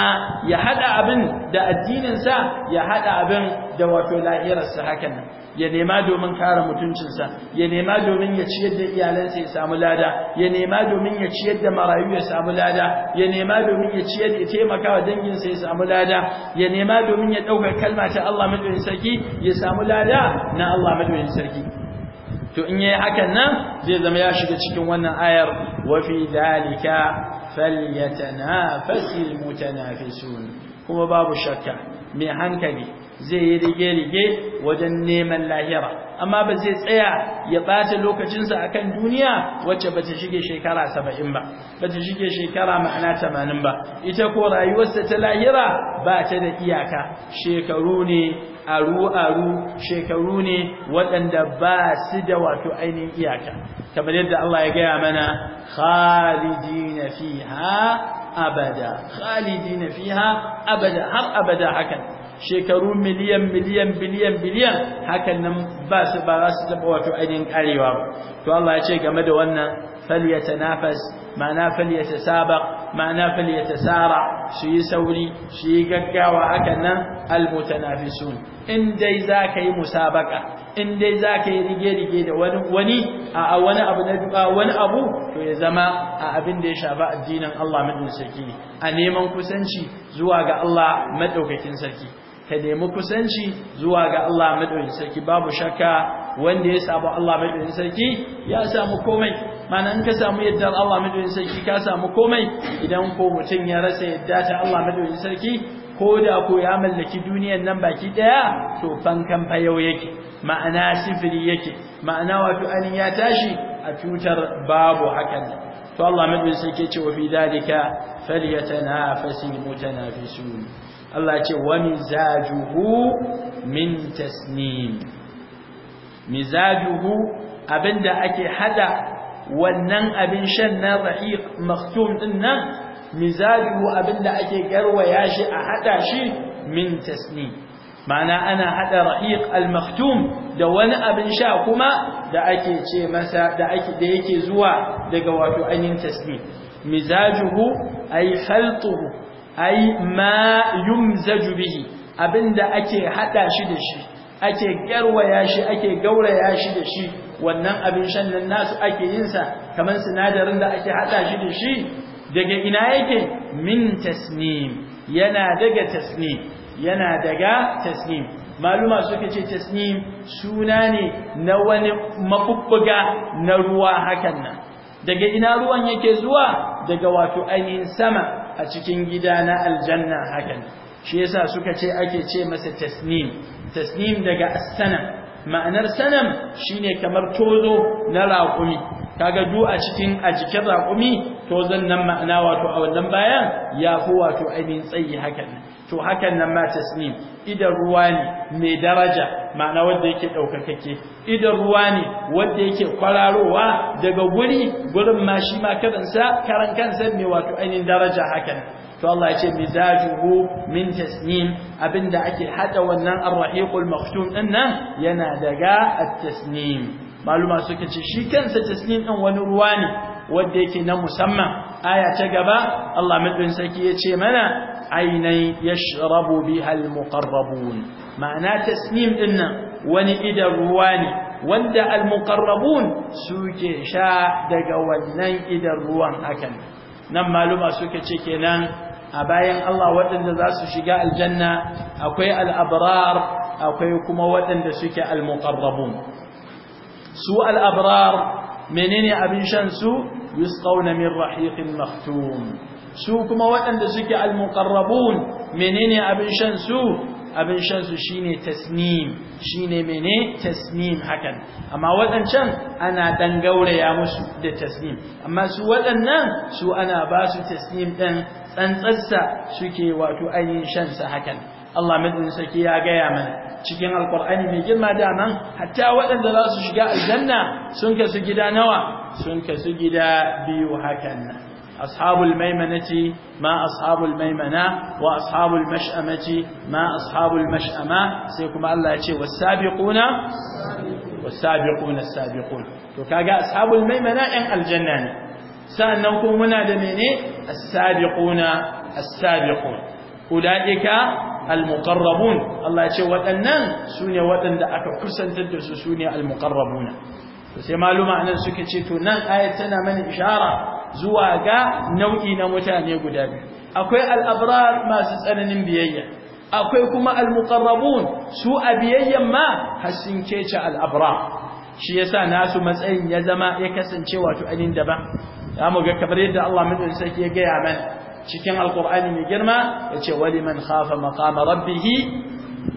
ya haɗa abin da addininsa ya haɗa abin da wato lahirarsa haka nan ya nema domin kare mutuncinsa ya nema domin ya ciyar da iyalansa ya samu lada ya nema domin ya ciyar da marayu ya samu lada ya nema domin ya ciyar da taimaka wa danginsa ya samu lada ya nema domin ya ɗaukar kalma ta Allah madaukakin sarki ya samu lada na Allah madaukakin sarki to in yayi hakan nan zai zama ya shiga cikin wannan ayar wa fi dalika falyatanafasil mutanafisun kuma babu shakka mai hankali zai yi rige-rige wajen neman lahira amma ba zai tsaya ya ɓata lokacinsa a kan duniya wacce ba ta shige shekara saba'in ba ba ta shige shekara ma'ana tamanin ba ita ko rayuwarsa ta lahira ba ta da iyaka shekaru ne aru-aru shekaru ne waɗanda ba su da wato ainihin iyaka kamar yadda Allah ya gaya mana fi ha abada fi ha abada har abada hakan shekaru miliyan miliyan biliyan biliyan hakan nan ba su ba za su taba wato ainihin karewa ba to Allah ya ce game da wannan falyatanafas ma'ana falyatasabaq ma'ana falyatasara su yi sauri su yi gaggawa hakan nan almutanafisun in dai za ka yi musabaka in dai za ka yi rige-rige da wani wani a wani abu na wani abu to ya zama a abin da ya shafa addinin Allah madaukakin sarki a neman kusanci zuwa ga Allah madaukakin sarki Ka nemi kusanci zuwa ga Allah madaukakin sarki babu shakka wanda ya samu Allah madaukakin sarki ya samu komai mana in ka samu yadda Allah madaukakin sarki ka samu komai idan ko mutum ya rasa yadda ta Allah madaukakin sarki ko da ko ya mallaki duniyar nan baki daya to fankan fayau yake ma'ana sifiri yake ma'ana wato an ya tashi a cutar babu hakan to Allah madaukakin sarki ce wa fi dalika falyatanafasil mutanafisun Allah ce wa mizajuhu min tasnim mizajuhu abinda ake hada wannan abin shan na rahiq maktum ɗinnan, nan mizajuhu abinda ake garwaya shi a hada shi min tasnim ma'ana ana hada rahiq al-maktum da wani abin sha kuma da ake ce masa da ake da yake zuwa daga wato ainihin tasnim mizajuhu ay khaltuhu ai ma yumzaju bihi abinda ake hada shi da shi ake garwaya shi ake gauraya shi da shi wannan abin shan nan nasu ake yin sa kamar sinadarin da ake hada shi da shi daga ina yake min tasnim yana daga tasnim yana daga tasnim maluma suke ce tasnim suna ne na wani mabubbuga na ruwa hakan nan daga ina ruwan yake zuwa daga wato ainihin sama a cikin gida na aljanna hakan shi yasa suka ce ake ce masa tasnim tasnim daga as-sanam ma'anar sanam shine kamar tozo na raƙumi kaga du a cikin a jikin raƙumi tozon nan ma'ana wato a wannan bayan ya fi wato ainihin tsayi hakan to hakan nan ma tasnim idan ruwa ne mai daraja ma'ana wanda yake daukakake idan ruwa ne wanda yake kwararowa daga guri gurin ma shi ma karansa karan kansa mai wato ainihin daraja hakan to Allah ya ce mizajuhu min tasnim abinda ake hada wannan ar-rahiqul makhtum din nan yana daga at-tasnim maluma suka ce shi kansa tasnim din wani ruwa ne wanda yake na musamman aya ta gaba Allah madin saki yace mana ainai yashrabu biha almuqarrabun ma'ana tasnim dinnan wani idan ruwa ne wanda almuqarrabun suke sha daga wannan idan ruwan hakan nan maluma suke ce kenan a bayan Allah waɗanda za su shiga aljanna akwai al'abrar akwai kuma waɗanda suke almuqarrabun su al'abrar menene abin shan su yusqauna min rahiqin makhtum su kuma waɗanda suke almuqarrabun menene abin shan su abin shan su shine tasnim shine mene tasnim hakan amma waɗancan ana dan gauraya musu da tasnim amma su waɗannan su ana ba su tasnim ɗin tsantsarsa suke wato ayin shan hakan Allah madin saki ya gaya mana cikin alkur'ani mai girma da nan hatta waɗanda za su shiga aljanna sun kasu gida nawa sun kasu gida biyu hakan nan ashabul maimanati ma ashabul maimana wa ashabul mash'amati ma ashabul mash'ama sai kuma Allah ya ce was-sabiquna was-sabiquna as-sabiqun to kaga ashabul maimana yan aljanna ne Sannan ku muna da mene as-sabiquna ulaika al-muqarrabun Allah ya ce waɗannan sune waɗanda aka kusantar da su sune almukarrabu na. to sai maluma anan suke ce to nan ayat tana mana ishara zuwa ga nau'i na mutane guda biyu akwai al masu tsananin biyayya akwai kuma al su a biyayyan ma hasin kece al shi yasa nasu matsayin ya zama ya kasance wato anin daban zamu ga kamar yadda Allah mun saki ya gaya mana cikin alkur'ani mai girma ya ce wali man khafa makama rabbihi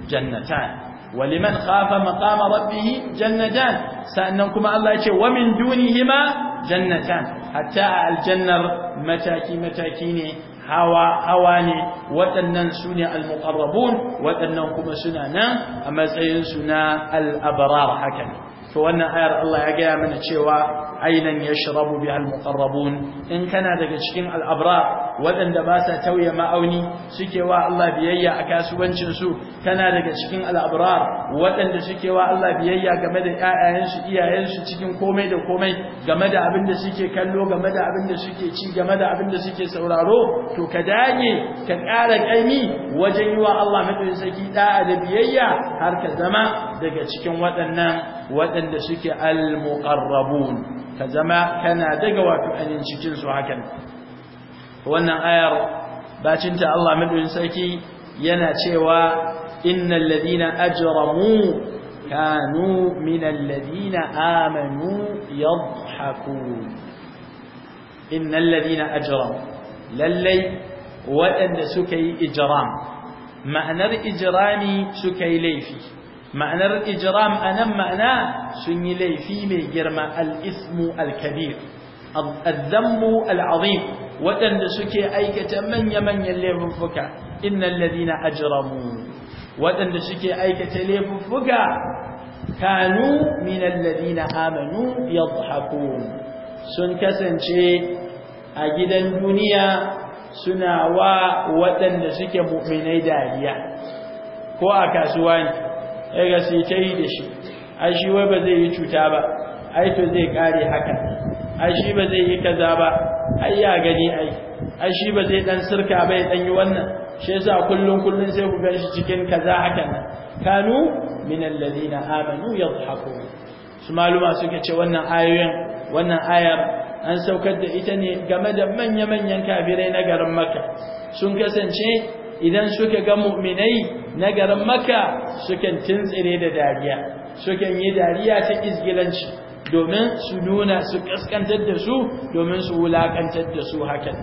jannatan wali man khafa makama rabbihi jannatan sa'annan kuma Allah ce wa min dunihima jannatan hatta a aljannar mataki mataki ne hawa ne waɗannan su ne almuqarrabun waɗannan kuma suna nan a matsayin su na al'abarar haka to wannan ayar Allah ya gaya mana cewa ainan yashrabu biha almuqarrabun in kana daga cikin al'abra waɗanda ba sa tauye ma'auni suke wa Allah biyayya a kasuwancin su kana daga cikin al'abrar waɗanda suke wa Allah biyayya game da ƴaƴayensu iyayensu cikin komai da komai game da abin da suke kallo game da abin da suke ci game da abin da suke sauraro to ka dage ka ƙara ƙaimi wajen yi wa Allah madaukakin sarki da biyayya har ka zama daga cikin waɗannan waɗanda suke al-muqarrabun ka zama kana daga wato cikin su hakan wannan ayar bacinta Allah madaukakin sarki yana cewa innal ladina ajramu kanu minal ladina amanu yadhhakun innal ladina ajramu lallai waɗanda suka yi ijram ma'anar ijrami suka yi laifi ma'anar ijram anan ma'ana sun yi laifi mai girma al'ismu ismu al-kabir al azim waɗanda suke aikata manya-manyan laifuffuka innal ladina ajiramu waɗanda suke aikata laifuffuka kanu min alladina amanu yadhhakun sun kasance a gidan duniya suna wa waɗanda suke mu'minai dariya ko a kasuwa ne ya ga sai ta yi da shi ai shi wai ba zai yi cuta ba ai to zai kare haka ai shi ba zai yi kaza ba ai ya gani ai ai shi ba zai dan sirka ba ya dan yi wannan shi yasa kullun kullun sai ku gan shi cikin kaza haka nan kanu min alladhina amanu yadhhakun su maluma suka ce wannan ayoyin wannan ayar an saukar da ita ne game da manya-manyan kafirai na garin Makka sun kasance idan suka ga mu'minai na garin maka sukan tintsire da dariya sukan yi dariya ta izgilanci domin su nuna su kaskantar da su domin su wulakantar da su hakan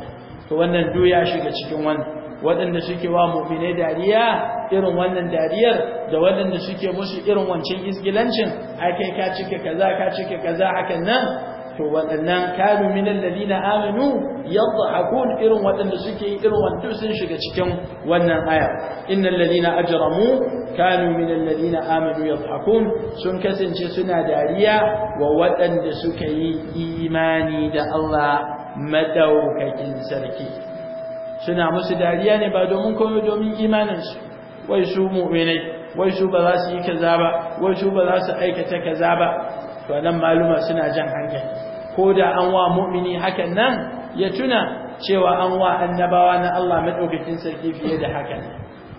to wannan duya shiga cikin wannan waɗanda suke wa mu'minai dariya irin wannan dariyar da waɗanda suke musu irin wancan izgilancin, ai kai ka cike kaza ka cike kaza hakan nan to waɗannan kanu minal Aminu Yadda yadhakun irin waɗanda suke irin wanda sun shiga cikin wannan aya innal ladina ajramu kanu minal Aminu Yadda yadhakun sun kasance suna dariya wa waɗanda suka yi imani da Allah madaukakin sarki suna musu dariya ne ba domin komai domin imaninsu wai su mu'minai wai su ba za su yi kaza ba wai su ba za su aikata kaza ba to nan maluma suna jan hankali ko da an wa mu'mini hakan nan ya tuna cewa an wa annabawa na Allah madaukakin sarki fiye da hakan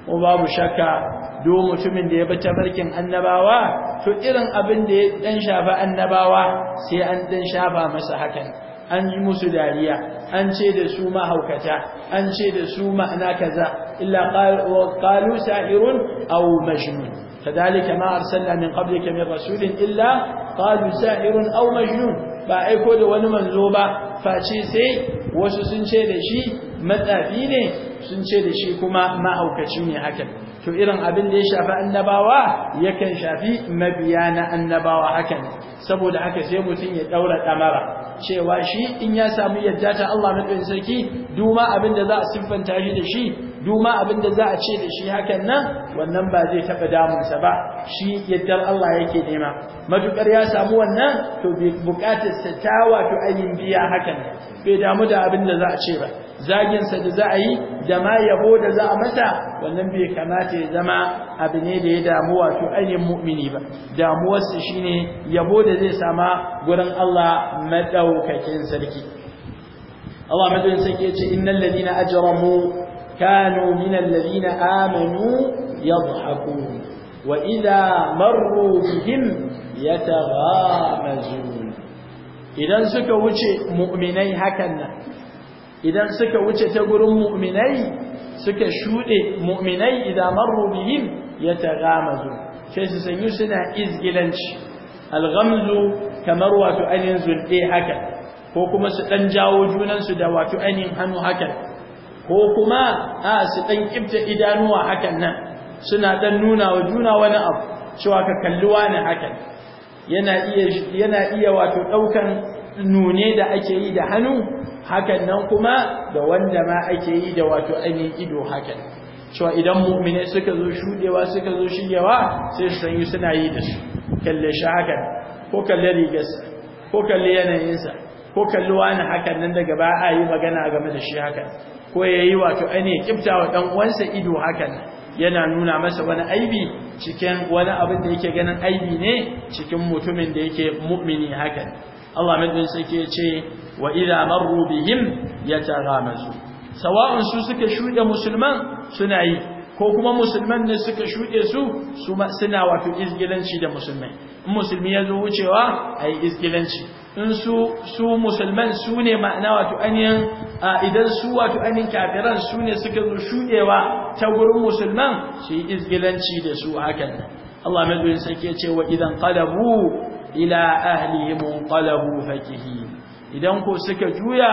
ko babu shakka do mutumin da ya bi tabarkin annabawa to irin abin da ya dan shafa annabawa sai an dan shafa masa hakan an yi musu dariya an ce da su mahaukata an ce da su ma'ana kaza illa qalu sa'irun aw majnun كذلك ما أرسلنا من قبلك من رسول illa قالوا sa'irun أو majnun. ba aiko da wani manzo ba face sai wasu sun ce da shi matsafi ne sun ce da shi kuma mahaukaci ne haka to irin abin da ya shafi annabawa yakan shafi mabiya na annabawa haka saboda haka sai mutum ya daura damara cewa shi in ya samu yadda ta Allah madaukakin sarki duma abin da za a siffanta shi da shi duma abin da za a ce da shi hakan nan wannan ba zai taɓa damunsa ba shi yaddar Allah yake nema matukar ya samu wannan to bai buƙatar sa ta wato ayin biya hakan bai damu da abin da za a ce ba zagin sa da za a yi da ma yabo da za a masa wannan bai kamata ya zama abu ne da ya damu wato ayin mu'mini ba damuwarsa shine yabo da zai sama gurin Allah madaukakin sarki Allah madaukakin sarki ya ce innal ladina ajramu كانوا من الذين آمنوا يضحكون وإذا مروا بهم يتغامزون إذا سكا وجه مؤمني هكذا إذا سكا وجه تقول مؤمني سكا شوء مؤمني إذا مروا بهم يتغامزون شيء سنيسنا إزجلنش الغمز kamar wato ainihin zulɗe haka ko kuma su ɗan jawo junansu da wato ainihin hannu haka ko kuma a su ɗan kibta idanuwa hakan nan suna ɗan nuna wa juna wani abu cewa ka kalli wani hakan yana iya wato ɗaukan nune da ake yi da hannu hakan nan kuma da wanda ma ake yi da wato ainihin ido hakan cewa idan mu'mini suka zo shuɗewa suka zo shigewa sai su sanyi suna yi da su kalle shi hakan ko kalle rigarsa ko kalle yanayinsa ko kalli wani hakan nan daga ba a yi magana game da shi hakan ko ya yi wato ainihin kiftawa ɗan uwansa ido hakan yana nuna masa wani aibi cikin wani abin da yake ganin aibi ne cikin mutumin da yake mu'mini hakan Allah mai sai ke ce wa ya marru bihim su. sawa'un su suka shuɗe musulman suna yi ko kuma musulman ne suka shuɗe su suna wato izgilanci da musulmai in musulmi ya zo wucewa a yi izgilanci in su su musulman su ne ma'ana wato ainihin idan su wato ainihin kafiran su ne suka zo shuɗewa ta gurin musulman su yi izgilanci da su hakan Allah mai zuwa sai ke cewa idan qalabu ila ahlihim qalabu fakihi idan ko suka juya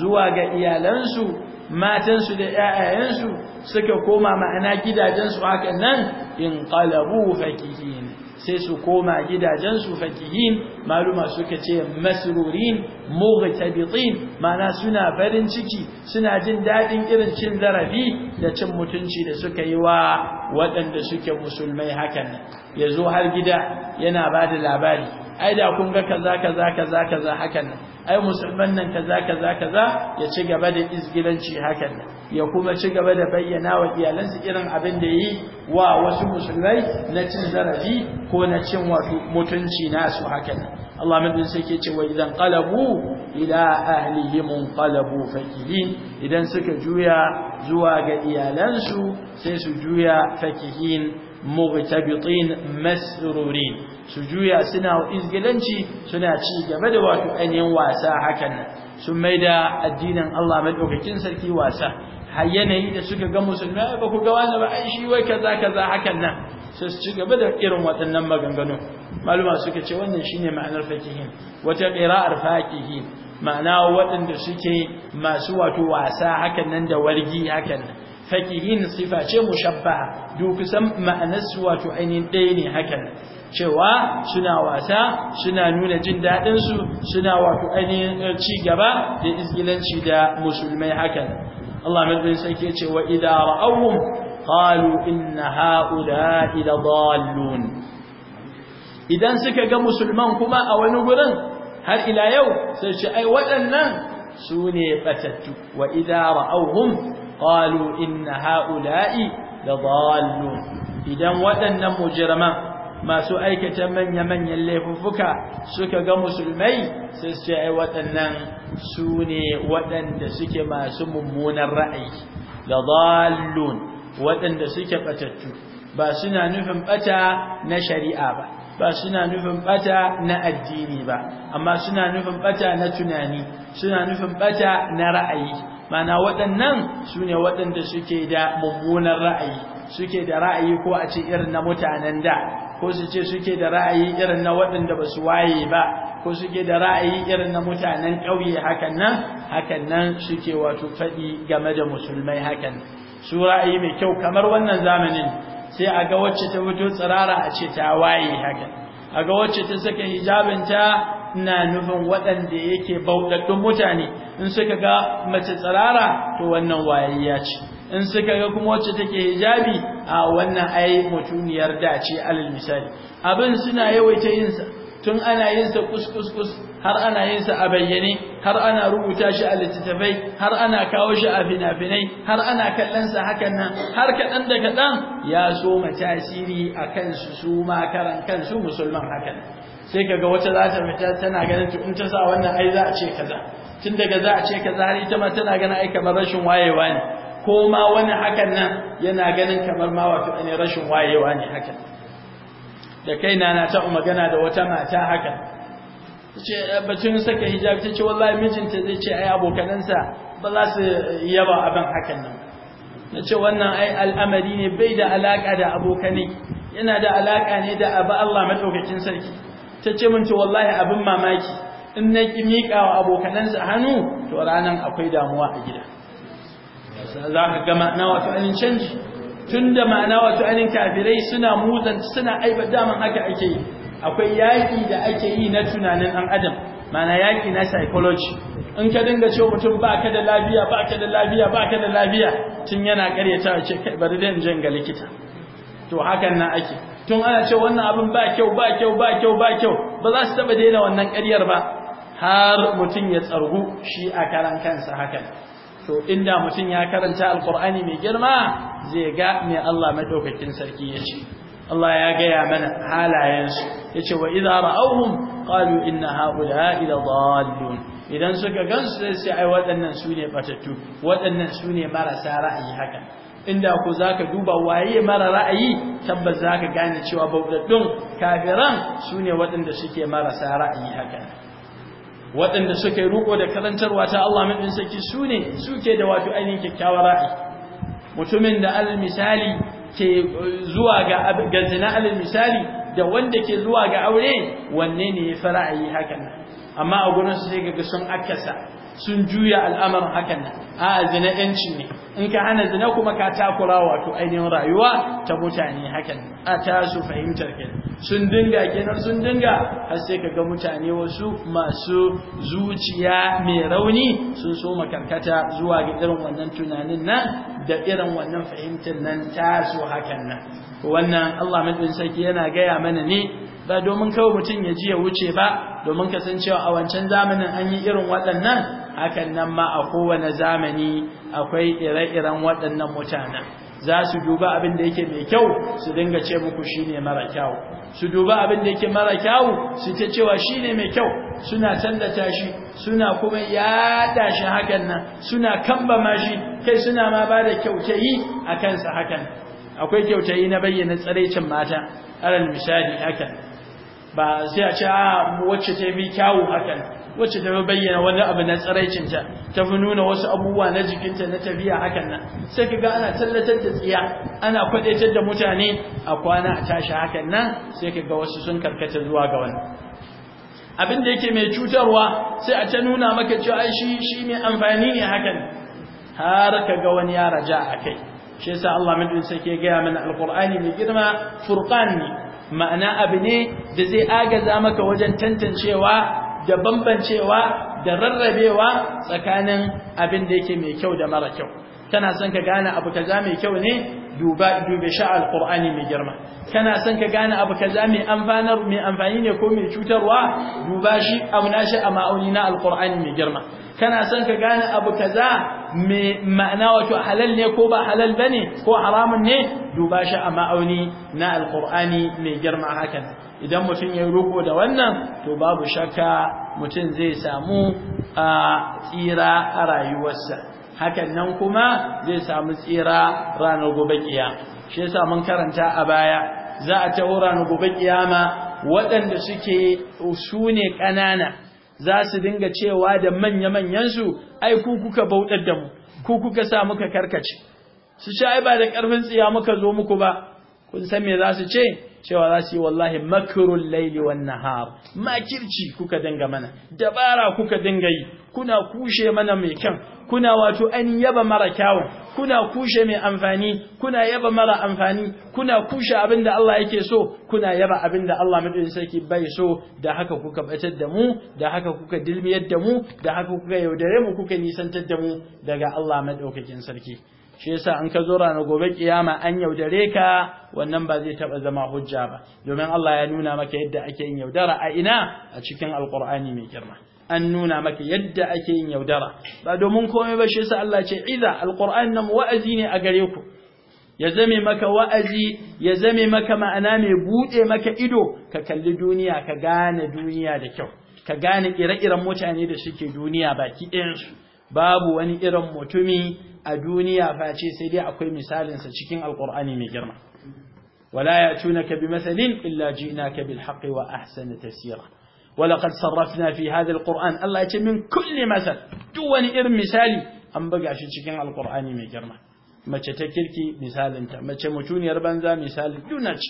zuwa ga iyalansu matansu da ƴaƴayensu suka koma ma'ana gidajensu hakan nan in qalabu fakihin sai su koma gidajen su fakihin maluma suka ce masrurin mughtabitin mana suna farin ciki suna jin dadin irin cin zarafi da cin mutunci da suka yi wa waɗanda suke musulmai hakan yazo har gida yana bada labari ai da kun ga kaza kaza kaza kaza hakan ai musulman nan kaza kaza kaza ya ci gaba da izgilanci hakan ya kuma ci gaba da bayyana wa iyalansu irin abin da yi wa wasu musulmai na cin zarafi ko na cin wato mutunci nasu hakan Allah madin sai ke cewa idan qalabu ila ahlihim qalabu fakihin idan suka juya zuwa ga iyalansu sai su juya fakihin mughtabitin masrurin su juya suna izgilanci suna ci gaba da wato ainihin wasa hakan sun maida addinin Allah madaukakin sarki wasa har yanayi da suka ga musulmai ba ku ga wani ba ai shi wai kaza kaza hakan nan sai su ci gaba da irin waɗannan maganganu. maluma suka ce wannan shine ma'anar fakihin wata qira'ar faqihin ma'ana waɗanda suke masu wato wasa hakan nan da wargi hakan fakihin sifa ce mushabbaha dukusan ma'anar su wato ainihin ɗaya ne hakan cewa suna wasa suna nuna jin daɗin su suna wato ainihin eh, ci gaba da izgilanci da musulmai hakan Allah madadin sarki ke ce wa idza ra'awhum qalu inna ha'ula'i ladallun idan suka ga musulman kuma a wani gurin har ila yau sai ce ai waɗannan su ne batattu wa idza ra'awhum qalu inna ha'ula'i ladallun idan waɗannan mujriman masu aikata manya-manyan laifuffuka suka ga musulmai sai su ce ai waɗannan su ne waɗanda suke masu mummunan ra'ayi ladallun waɗanda suke batattu ba suna nufin ɓata na shari'a ba ba suna nufin bata na addini ba amma suna nufin bata na tunani suna nufin bata na ra'ayi mana waɗannan su ne waɗanda suke da mummunan ra'ayi suke da ra'ayi ko a ce irin na mutanen da ko su ce suke da ra'ayi irin na waɗanda ba su waye ba ko suke da ra'ayi irin na mutanen ƙauye hakan nan hakan nan suke wato faɗi game da musulmai hakan su ra'ayi mai kyau kamar wannan zamanin sai a ga wacce ta fito tsirara a ce ta waye haka a ga wacce ta saka hijabin ta na nufin waɗanda yake bauɗaɗɗun mutane in suka ga mace tsirara to wannan wayayya ce in suka ga kuma wacce take hijabi a wannan ai mutuniyar da ce alal misali abin suna yawaita yinsa tun ana yin sa kuskus har ana yin sa a bayyane har ana rubuta shi a littattafai har ana kawo shi a fina-finai har ana kallon sa hakan nan har kaɗan da kaɗan ya so ma tasiri a kansu su ma karan kansu musulman hakan sai kaga wata za ta fita tana ganin to in ta sa wannan ai za a ce kaza tun daga za a ce kaza har ita ma tana ganin ai kamar rashin wayewa ne ko ma wani hakan nan yana ganin kamar ma wato ne rashin wayewa ne hakan da kaina na ta magana da wata mata haka ce eh, batun saka hijab ta ce wallahi mijinta zai ce ai abokanansa ba za su yaba abin hakan nan na ce wannan ai al'amari ne bai da alaka da abokanai yana da alaka ne da abu Allah madaukakin sarki ta ce min to wallahi abin mamaki in na ki mika wa abokanansa hannu to ranan akwai damuwa a gida za ka gama na wato an canji tunda ma'ana wato ainihin kafirai suna mutan suna aiba daman haka ake yi akwai yaki da ake yi na tunanin ɗan adam ma'ana yaki na psychology in ka dinga cewa mutum ba da lafiya ba da lafiya ba da lafiya tun yana karyata ce kai bari dan jin ga likita to hakan nan ake tun ana cewa wannan abin ba kyau ba kyau ba kyau ba kyau ba za su taba daina wannan ƙaryar ba har mutum ya tsargu shi a karan kansa hakan to inda mutum ya karanta alkur'ani mai girma zai ga mai Allah madaukakin sarki ce. Allah ya gaya mana halayensu yace wa iza ra'awhum qalu inna ha'ula'i ladallun idan suka gansu sai ai waɗannan sune batattu waɗannan sune marasa ra'ayi haka inda ku zaka duba waye mara ra'ayi tabbas zaka gane cewa baudaddun kafiran sune waɗanda suke marasa ra'ayi haka waɗanda suka yi ruko da kalantarwa ta Allah madin saki su ne suke da wato ainihin kyakkyawar ra'ayi mutumin da al misali ke zuwa ga zina al misali da wanda ke zuwa ga aure wanne ne ya fi ra'ayi hakan amma a gurin su sai ga sun akasa sun juya al'amar hakan nan a zina yanci ne in ka hana zina kuma ka takura wato ainihin rayuwa ta mutane hakan a ta su fahimtar ke sun dinga kenan sun dinga har sai ka ga mutane wasu masu zuciya mai rauni sun so makarkata zuwa ga irin wannan tunanin nan da irin wannan fahimtar nan ta su hakan nan wannan Allah ɗin saki yana gaya mana ne ba domin kawai mutum ya ji ya wuce ba domin kasancewa a wancan zamanin an yi irin waɗannan hakan nan ma a kowane zamani akwai ire-iren waɗannan mutanen za su duba abin da yake mai kyau su dinga ce muku shi ne mara kyau su duba abin da yake mara kyau su ta cewa ne mai kyau suna tallata shi suna kuma yaɗa shi hakan nan suna kambama shi kai suna ma ba da kyautayi a kansa hakan akwai kyautayi na bayyana tsaraicin mata alal misali hakan ba sai a ce a ah, wacce ta bi kyawun hakan wacce ta bayyana wani abu na tsiraicinta ta fi nuna wasu abubuwa na jikinta na tafiya hakan nan sai ka ga ana tallatar da tsiya ana kwadaitar da mutane a kwana a tashi hakan nan sai ka ga wasu sun karkata zuwa ga wani abin da yake mai cutarwa sai a ta nuna maka cewa ai shi shi mai amfani ne hakan har ka ga wani ya raja a kai shi yasa Allah madin sai ke gaya mana alqur'ani mai girma furqan ne ma'ana abu ne da zai agaza maka wajen tantancewa da bambancewa da rarrabewa tsakanin abin da yake mai kyau da mara kyau kana son ka gane abu kaza mai kyau ne duba dube sha alqur'ani mai girma kana son ka gane abu kaza mai amfanar mai amfani ne ko mai cutarwa duba shi auna shi a ma'auni na alqur'ani mai girma kana son ka gane abu kaza me ma'ana wato halal ne ko ba halal bane ko haramun ne duba shi a ma'auni na alqur'ani mai girma hakan idan mutum ya roko da wannan to babu shakka mutum zai samu a tsira a rayuwarsa hakan nan kuma zai samu tsira ranar gobe shi yasa mun karanta a baya za a taho ranar gobe kiyama waɗanda suke su ne ƙanana za su dinga cewa da manya-manyansu ai ku kuka bautar da mu ku kuka sa muka karkace su sha ai ba da ƙarfin tsiya muka zo muku ba kun san me za su ce cewa za su yi wallahi makirun laili wan nahar makirci kuka dinga mana dabara kuka dinga yi kuna kushe mana mai kyan kuna wato an yaba mara kyawun kuna kushe mai amfani kuna yaba mara amfani kuna kushe abinda Allah yake so kuna yaba abinda Allah madaukakin sarki bai so da haka kuka batar da mu da haka kuka dilmiyar da mu da haka kuka yaudare mu kuka nisantar da mu daga Allah madaukakin sarki shi yasa an ka zo ranar gobe kiyama an yaudare ka wannan ba zai taba zama hujja ba domin Allah ya nuna maka yadda ake yin yaudara a ina a cikin alqur'ani mai girma an nuna maka yadda ake yin yaudara ba domin komai ba shi yasa Allah ce idza alqur'an nan wa'azi ne a gare ku ya zame maka wa'azi ya zame maka ma'ana mai bude maka ido ka kalli duniya ka gane duniya da kyau ka gane ire-iren mutane da suke duniya baki ɗayansu babu wani irin mutumi a duniya face sai dai akwai misalinsa cikin alkur'ani mai girma wala ya bi masalin illa ka bil haqqi wa ahsana tasira fi ولقد صرفنا في هذا القرآن الله يتي من كل مثل دون إر مثالي أم بقى شكين القرآن مجرمة ما تكركي مثال انت ما تموتون يربان ذا مثال دونك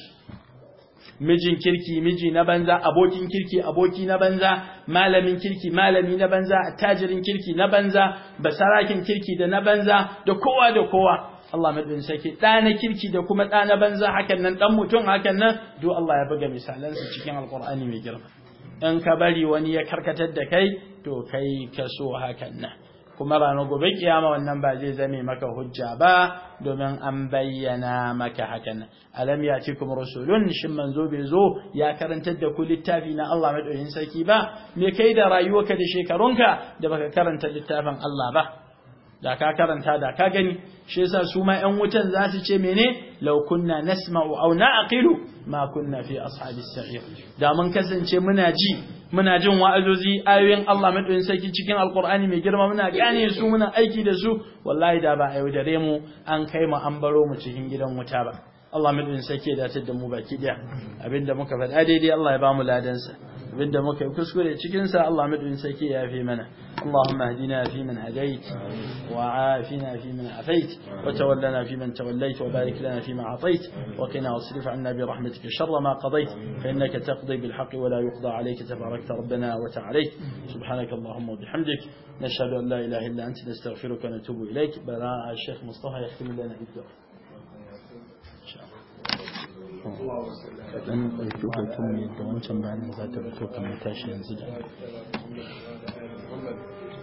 mijin kirki miji na banza abokin kirki aboki na banza malamin kirki malami na banza attajirin kirki na banza basarakin kirki da na banza da kowa da kowa Allah madin sake da na kirki da kuma da na banza hakan nan dan mutum hakan nan do Allah ya buga misalan su cikin alqur'ani mai girma in ka bari wani ya karkatar da kai to kai ka so hakan nan kuma ranar gobe kiyama wannan ba zai zame maka hujja ba domin an bayyana maka hakan alam ya ci kuma rasulun shin manzo bai zo ya karantar da ku littafi na Allah madaukakin sarki ba me kai da rayuwarka da shekarunka da baka karanta littafin Allah ba da ka karanta da ka gani shi yasa su ma ƴan wutan za su ce mene laukunna kunna nasma'u aw na'qilu ma kunna fi ashabis sa'ir da mun kasance muna ji muna jin wa'azozi ayoyin Allah madaukakin sarki cikin alqur'ani mai girma muna gane su muna aiki da su wallahi da ba ayyudare mu an kai mu an baro mu cikin gidan wuta ba Allah madaukakin sarki ya dace da mu baki daya abinda muka faɗa daidai Allah ya ba mu ladansa بده مكه كسكولي تشكين سا الله مد انسكي في منا اللهم اهدنا في من هديت وعافنا في من عافيت وتولنا في من توليت وبارك لنا فيما عطيت وقنا واصرف عنا برحمتك شر ما قضيت فانك تقضي بالحق ولا يقضى عليك تبارك ربنا وتعاليت سبحانك اللهم وبحمدك نشهد ان لا اله الا انت نستغفرك ونتوب اليك براء الشيخ مصطفى يختم لنا بالدعاء الله وسلم dan ɗauki hoton mai da wancan bayanin za ta fito kamar tashi yanzu da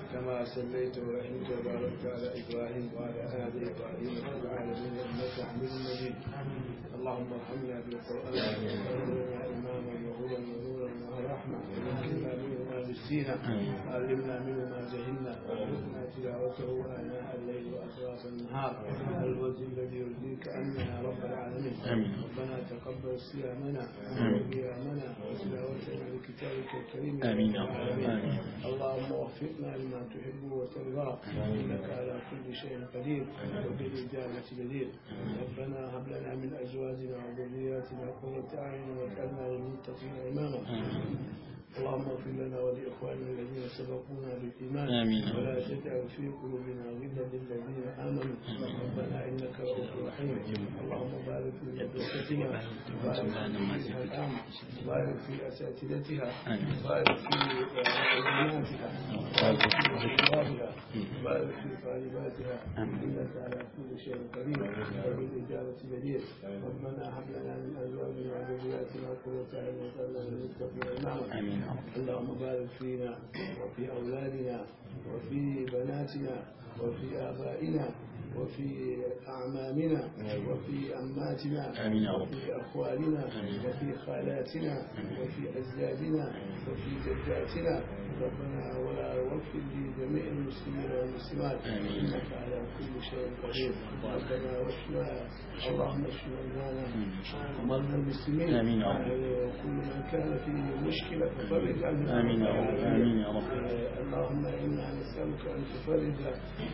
كما سميت ورحمت وباركت على ابراهيم وعلى ال ابراهيم في العالمين انك حميد مجيد اللهم ارحمنا بالقران اماما وهدى ونورا ورحمه ونجزينا علمنا مما جهلنا وارزقنا تلاوته اناء الليل واطراف النهار الوجه الذي يرضيك عنا رب العالمين ربنا تقبل صيامنا وقيامنا وتلاوتنا لكتابك الكريم امين اللهم وفقنا لما تحب وترضى انك على كل شيء قدير وبالاجابه جدير ربنا هب لنا من ازواجنا وذرياتنا قره اعين واجعلنا للمتقين اماما اللهم اغفر لنا ولاخواننا الذين سبقونا بالايمان آمين. ولا تجعل في قلوبنا غلا للذين امنوا ربنا انك رؤوف رحيم اللهم بارك في مدرستنا بارك في الأم في اساتذتها بارك في علماتها بارك في اخوانها بارك في طالباتها انك على كل شيء قدير وبالاجابه جدير ربنا هب لنا من ازواجنا وذرياتنا قره اعين واجعلنا نعم امين اللهم بارك فينا وفي أولادنا وفي بناتنا وفي آبائنا وفي أعمامنا وفي أماتنا وفي أخوالنا وفي خالاتنا وفي أجدادنا وفي جداتنا ربنا ولا واغفر لجميع المسلمين والمسلمات انك على كل شيء قدير ربنا واشفى اللهم اشف مرضانا ومرضى المسلمين امين وكل من كان فيه مشكله ففرج عنه امين امين يا رب آه، اللهم انا نسالك ان تفرج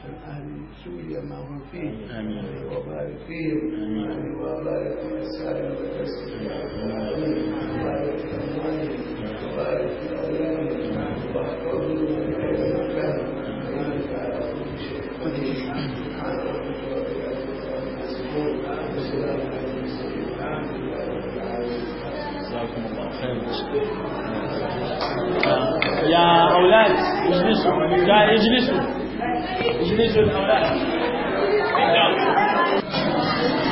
عن اهل سوريا ما هم فيه امين وبارك فيهم امين وبارك في السائل امين وبارك في وبارك في يا أولاد اجلسوا اجلسوا اجلسوا الأولاد